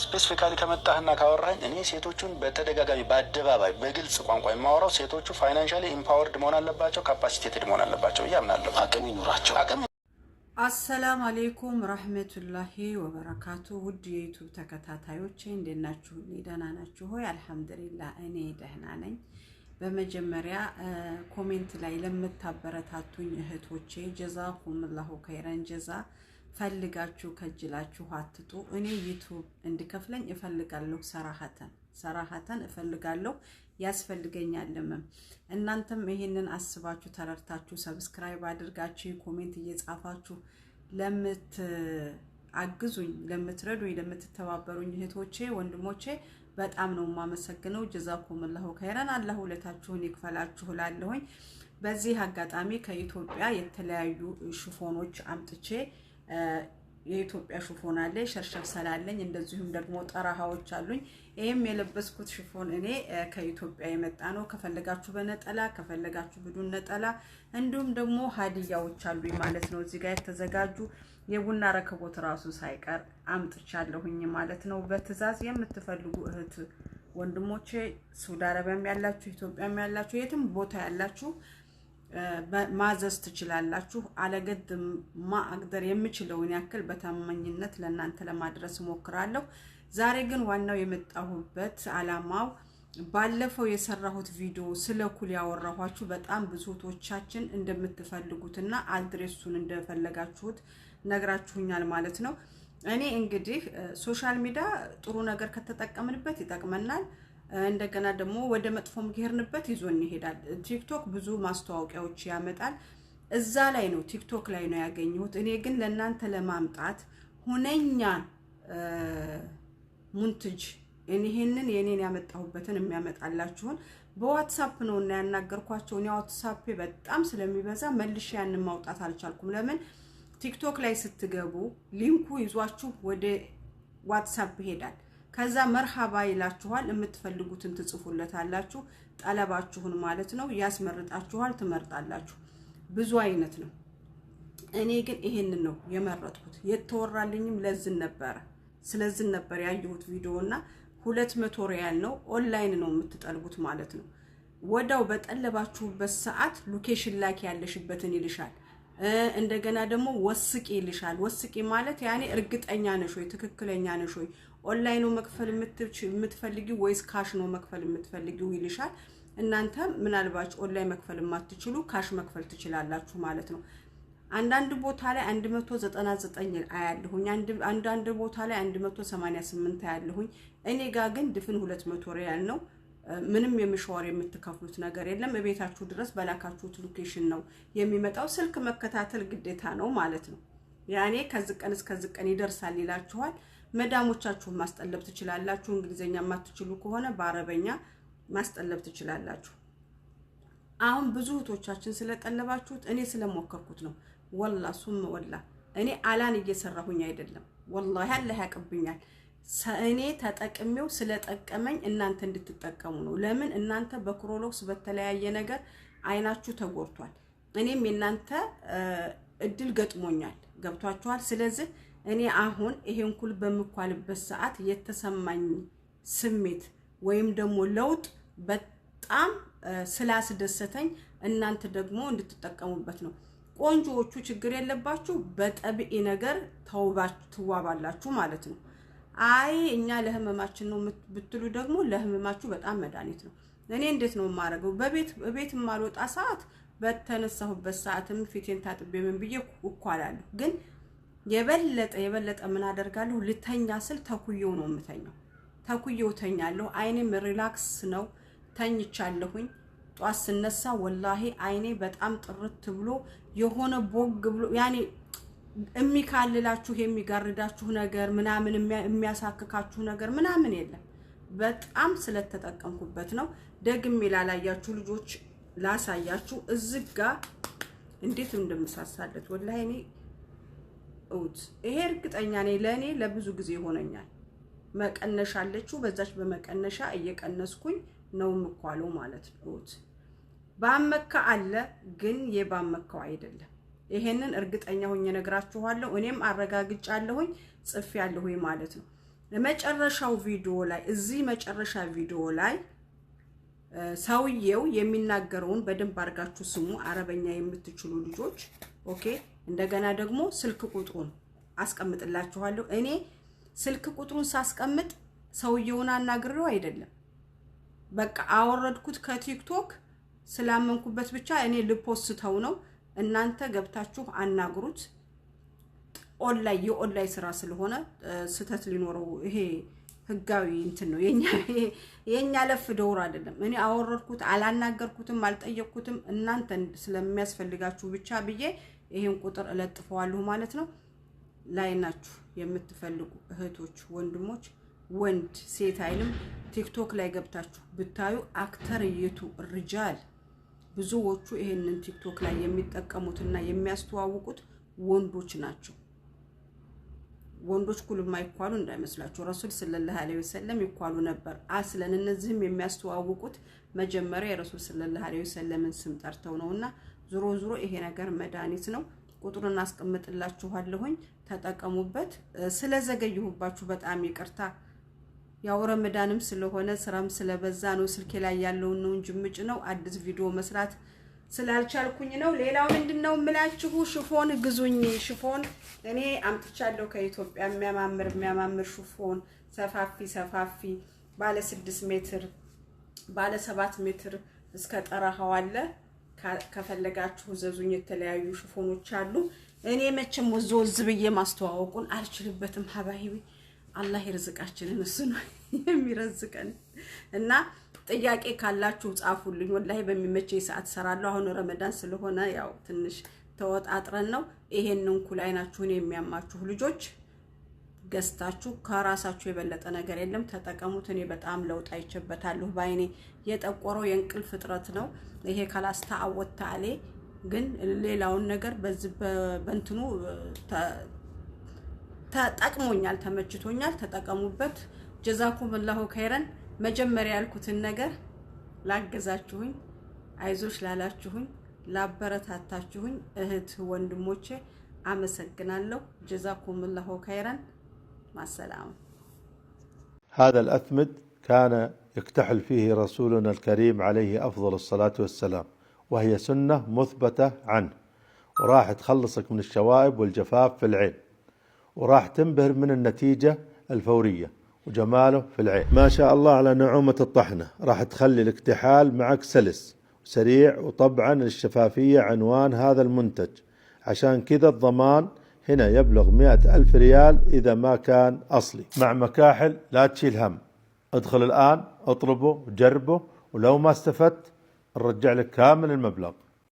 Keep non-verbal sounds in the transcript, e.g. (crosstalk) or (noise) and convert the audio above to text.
ስፔሲፊካሊ ከመጣህና ካወራኝ እኔ ሴቶቹን በተደጋጋሚ በአደባባይ በግልጽ ቋንቋ የማወራው ሴቶቹ ፋይናንሻሊ ኢምፓወርድ መሆን አለባቸው፣ ካፓሲቴትድ መሆን አለባቸው ብዬ አቅም ይኑራቸው። አሰላም አሌይኩም ረህመቱላሂ ወበረካቱ። ውድ የዩቱብ ተከታታዮች እንዴት ናችሁ? ደህና ናችሁ ሆይ? አልሐምዱሊላህ እኔ ደህና ነኝ። በመጀመሪያ ኮሜንት ላይ ለምታበረታቱኝ እህቶቼ ጀዛኩሙላሁ ከይረን ጀዛ ፈልጋችሁ ከጅላችሁ አትጡ። እኔ ዩቱብ እንድከፍለኝ እፈልጋለሁ። ሰራሀተን ሰራሀተን እፈልጋለሁ ያስፈልገኛልም። እናንተም ይሄንን አስባችሁ ተረድታችሁ ሰብስክራይብ አድርጋችሁ ኮሜንት እየጻፋችሁ ለምት ለምትአግዙኝ፣ ለምትረዱኝ፣ ለምትተባበሩኝ እህቶቼ ወንድሞቼ በጣም ነው የማመሰግነው። ጀዛኩምላሁ ከይረን አላህ ውለታችሁን ይክፈላችሁ ላለሁኝ። በዚህ አጋጣሚ ከኢትዮጵያ የተለያዩ ሽፎኖች አምጥቼ የኢትዮጵያ ሽፎን አለኝ፣ ሸርሸር ሰላለኝ፣ እንደዚሁም ደግሞ ጠራሃዎች አሉኝ። ይህም የለበስኩት ሽፎን እኔ ከኢትዮጵያ የመጣ ነው። ከፈለጋችሁ በነጠላ ከፈለጋችሁ ብዱን ነጠላ፣ እንዲሁም ደግሞ ሀዲያዎች አሉኝ ማለት ነው። እዚህ ጋር የተዘጋጁ የቡና ረከቦት ራሱ ሳይቀር አምጥቻለሁኝ ማለት ነው። በትዕዛዝ የምትፈልጉ እህት ወንድሞቼ፣ ሳውዲ አረቢያም ያላችሁ፣ ኢትዮጵያም ያላችሁ፣ የትም ቦታ ያላችሁ ማዘዝ ትችላላችሁ። አለገድ ማቅደር የምችለውን ያክል በታማኝነት ለእናንተ ለማድረስ እሞክራለሁ። ዛሬ ግን ዋናው የመጣሁበት አላማው ባለፈው የሰራሁት ቪዲዮ ስለ ኩል ያወራኋችሁ በጣም ብዙቶቻችን እንደምትፈልጉትና አድሬሱን እንደፈለጋችሁት ነግራችሁኛል ማለት ነው። እኔ እንግዲህ ሶሻል ሚዲያ ጥሩ ነገር ከተጠቀምንበት ይጠቅመናል እንደገና ደግሞ ወደ መጥፎም ከሄድንበት ይዞን ይሄዳል። ቲክቶክ ብዙ ማስተዋወቂያዎች ያመጣል። እዛ ላይ ነው ቲክቶክ ላይ ነው ያገኘሁት። እኔ ግን ለእናንተ ለማምጣት ሁነኛ ሙንትጅ ይህንን የኔን ያመጣሁበትን የሚያመጣላችሁን በዋትሳፕ ነው እና ያናገርኳቸው። እኔ በጣም ስለሚበዛ መልሼ ያንን ማውጣት አልቻልኩም። ለምን ቲክቶክ ላይ ስትገቡ ሊንኩ ይዟችሁ ወደ ዋትሳፕ ይሄዳል። ከዛ መርሃባ ይላችኋል። የምትፈልጉትን ትጽፉለታላችሁ። ጠለባችሁን ማለት ነው። ያስመርጣችኋል። ትመርጣላችሁ። ብዙ አይነት ነው። እኔ ግን ይሄንን ነው የመረጥኩት። የተወራልኝም ለዝን ነበረ ስለዝን ነበር ያየሁት ቪዲዮ እና ሁለት መቶ ሪያል ነው። ኦንላይን ነው የምትጠልቡት ማለት ነው። ወዳው በጠለባችሁበት ሰዓት ሎኬሽን ላክ ያለሽበትን ይልሻል። እንደገና ደግሞ ወስቂ ይልሻል። ወስቂ ማለት ያኔ እርግጠኛ ነሽ ወይ ትክክለኛ ነሽ ወይ ኦንላይን ነው መክፈል የምትፈልጊ ወይስ ካሽ ነው መክፈል የምትፈልጊው ይልሻል። እናንተ ምናልባች ኦንላይን መክፈል የማትችሉ ካሽ መክፈል ትችላላችሁ ማለት ነው። አንዳንድ ቦታ ላይ 199 አያለሁኝ፣ አንዳንድ ቦታ ላይ 188 አያለሁኝ። እኔ ጋር ግን ድፍን 200 ሪያል ነው። ምንም የምሸዋር የምትከፍሉት ነገር የለም። እቤታችሁ ድረስ በላካችሁት ሎኬሽን ነው የሚመጣው። ስልክ መከታተል ግዴታ ነው ማለት ነው። ያኔ ከዚህ ቀን እስከዚህ ቀን ይደርሳል ይላችኋል። መዳሞቻችሁን ማስጠለብ ትችላላችሁ። እንግሊዝኛ የማትችሉ ከሆነ በአረበኛ ማስጠለብ ትችላላችሁ። አሁን ብዙ እህቶቻችን ስለጠለባችሁት እኔ ስለሞከርኩት ነው። ወላ ሱም ወላ እኔ አላን እየሰራሁኝ አይደለም። ወላ አላህ ያቅብኛል። እኔ ተጠቅሜው ስለጠቀመኝ እናንተ እንድትጠቀሙ ነው። ለምን እናንተ በክሮሎክስ በተለያየ ነገር አይናችሁ ተጎድቷል። እኔም የእናንተ እድል ገጥሞኛል። ገብቷችኋል። ስለዚህ እኔ አሁን ይሄን ሁሉ በምኳልበት ሰዓት የተሰማኝ ስሜት ወይም ደግሞ ለውጥ በጣም ስላስደሰተኝ እናንተ ደግሞ እንድትጠቀሙበት ነው። ቆንጆዎቹ ችግር የለባችሁ፣ በጠብኤ ነገር ትዋባላችሁ ማለት ነው። አይ እኛ ለህመማችን ነው ብትሉ ደግሞ ለህመማችሁ በጣም መድኃኒት ነው። እኔ እንዴት ነው የማደርገው? በቤት በቤት የማልወጣ ሰዓት በተነሳሁበት ሰዓትም ፊቴን ታጥቤ ምን ብዬ እኳላለሁ ግን የበለጠ የበለጠ ምን አደርጋለሁ ልተኛ ስል ተኩየው ነው የምተኛው። ተኩየው ተኛለሁ። አይኔም ሪላክስ ነው ተኝቻለሁኝ። ጧት ስነሳ ወላሂ አይኔ በጣም ጥርት ብሎ የሆነ ቦግ ብሎ ያኔ የሚካልላችሁ የሚጋርዳችሁ ነገር ምናምን የሚያሳክካችሁ ነገር ምናምን የለም። በጣም ስለተጠቀምኩበት ነው። ደግሜ ላላያችሁ ልጆች ላሳያችሁ እዚህ ጋ እንዴት እንደምሳሳለት ወላሂ እኔ እውት ይሄ እርግጠኛ ነኝ ለእኔ ለብዙ ጊዜ ይሆነኛል። መቀነሻ አለችው በዛች በመቀነሻ እየቀነስኩኝ ነው የምኳለው ማለት ነው። እውት ባመካ አለ ግን የባመካው አይደለም። ይሄንን እርግጠኛ ሆኜ ነግራችኋለሁ። እኔም አረጋግጫለሁኝ ጽፌያለሁኝ ማለት ነው። መጨረሻው ቪዲዮ ላይ እዚህ መጨረሻ ቪዲዮ ላይ ሰውየው የሚናገረውን በደንብ አድርጋችሁ ስሙ። አረበኛ የምትችሉ ልጆች ኦኬ እንደገና ደግሞ ስልክ ቁጥሩን አስቀምጥላችኋለሁ። እኔ ስልክ ቁጥሩን ሳስቀምጥ ሰውየውን አናግሬው አይደለም። በቃ አወረድኩት ከቲክቶክ ስላመንኩበት ብቻ እኔ ልፖስተው ነው። እናንተ ገብታችሁ አናግሩት። ኦንላይን የኦንላይን ስራ ስለሆነ ስህተት ሊኖረው ይሄ ህጋዊ እንትን ነው (laughs) የኛ ለፍ ደውር አይደለም። እኔ አወረድኩት፣ አላናገርኩትም፣ አልጠየቅኩትም። እናንተ ስለሚያስፈልጋችሁ ብቻ ብዬ ይሄን ቁጥር እለጥፈዋለሁ ማለት ነው። ላይናችሁ ናችሁ የምትፈልጉ እህቶች፣ ወንድሞች ወንድ ሴት አይልም። ቲክቶክ ላይ ገብታችሁ ብታዩ አክተርየቱ ርጃል ብዙዎቹ ይሄንን ቲክቶክ ላይ የሚጠቀሙትና የሚያስተዋውቁት ወንዶች ናቸው። ወንዶች ኩል የማይኳሉ እንዳይመስላችሁ ረሱል ሰለላሁ ዐለይሂ ወሰለም ይኳሉ ነበር አስለን። እነዚህም የሚያስተዋውቁት መጀመሪያ የረሱል ሰለላሁ ዐለይሂ ወሰለምን ስም ጠርተው ነውና ዞሮ ዞሮ ይሄ ነገር መድኃኒት ነው። ቁጥሩን አስቀምጥላችኋለሁኝ ተጠቀሙበት። ስለዘገየሁባችሁ በጣም ይቅርታ። ያው ረመዳንም ስለሆነ ስራም ስለበዛ ነው። ስልኬ ላይ ያለውን ነው እንጂ ምጭ ነው አዲስ ቪዲዮ መስራት ስላልቻልኩኝ ነው። ሌላው ምንድነው የምላችሁ ሽፎን ግዙኝ። ሽፎን እኔ አምጥቻለሁ ከኢትዮጵያ የሚያማምር የሚያማምር ሽፎን ሰፋፊ ሰፋፊ ባለ ስድስት ሜትር ባለ ሰባት ሜትር እስከ ጠረሃው አለ። ከፈለጋችሁ ዘዙኝ። የተለያዩ ሽፎኖች አሉ። እኔ መቼም ወዞ ወዝ ብዬ ማስተዋወቁን አልችልበትም። ሀባሂቢ አላህ የርዝቃችንን እሱ ነው (laughs) የሚረዝቀን እና ጥያቄ ካላችሁ ጻፉልኝ። ወላሂ በሚመቸኝ ሰዓት እሰራለሁ። አሁን ረመዳን ስለሆነ ያው ትንሽ ተወጣጥረን ነው። ይሄንን ኩል አይናችሁን የሚያማችሁ ልጆች ገዝታችሁ ከራሳችሁ የበለጠ ነገር የለም፣ ተጠቀሙት። እኔ በጣም ለውጥ አይቼበታለሁ። በአይኔ የጠቆረው የእንቅልፍ እጥረት ነው። ይሄ ካላስታ አወታ ግን ሌላውን ነገር በዚህ በንትኑ ተጠቅሞኛል፣ ተመችቶኛል። ተጠቀሙበት። ጀዛኩም ላሁ ከይረን። መጀመሪያ ያልኩትን ነገር ላገዛችሁኝ፣ አይዞች ላላችሁኝ፣ ላበረታታችሁኝ እህት ወንድሞቼ አመሰግናለሁ። ጀዛኩም ላሁ ከይረን። مع السلامة هذا الأثمد كان يكتحل فيه رسولنا الكريم عليه أفضل الصلاة والسلام وهي سنة مثبتة عنه وراح تخلصك من الشوائب والجفاف في العين وراح تنبهر من النتيجة الفورية وجماله في العين ما شاء الله على نعومة الطحنة راح تخلي الاكتحال معك سلس وسريع وطبعا الشفافية عنوان هذا المنتج عشان كذا الضمان هنا يبلغ مئة ألف ريال إذا ما كان أصلي مع مكاحل لا تشيل هم ادخل الآن اطلبه جربه ولو ما استفدت نرجع لك كامل المبلغ